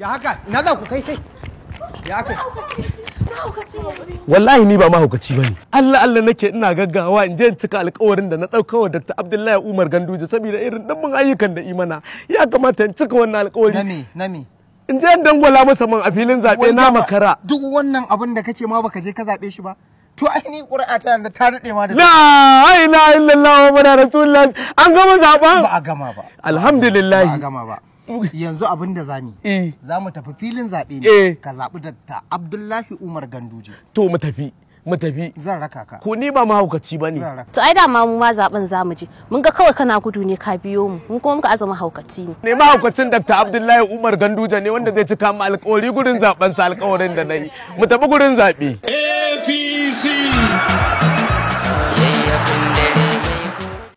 ya haka ina za ku kai kai ya haka wallahi ni ba mahaukaci bane Allah Allah nake ina gaggawa in je in cika alƙawarin da na ɗauka wa Dr. Abdullahi Umar Ganduje saboda irin dimbin ayyukan da imana ya kamata in cika wannan alƙawari na me na me in je in dangwala masa man a filin zaɓe na makara duk wannan abin da kake ma baka je ka zaɓe shi ba to ainihin ƙura'a ta yanda ta daɗe ma da la ilaha illallah wa rasulullah an gama zaɓen ba a gama ba alhamdulillah ba a gama ba yanzu abin da zamu eh. za mu tafi filin zaɓe ne eh. ka zaɓi ta Abdullahi Umar Ganduje to mu tafi mu tafi zan raka ka ko ni ba mahaukaci ba ne to ai ma mu ma zaɓin za mu je mun ga kawai kana gudu ne ka biyo mu mun kuma muka azama haukaci ne ne mahaukacin Dr. Abdullahi Umar Ganduje ne wanda zai cika mu alƙawari gurin zaben sa alƙawarin da nayi mu tafi gurin zaɓe eh.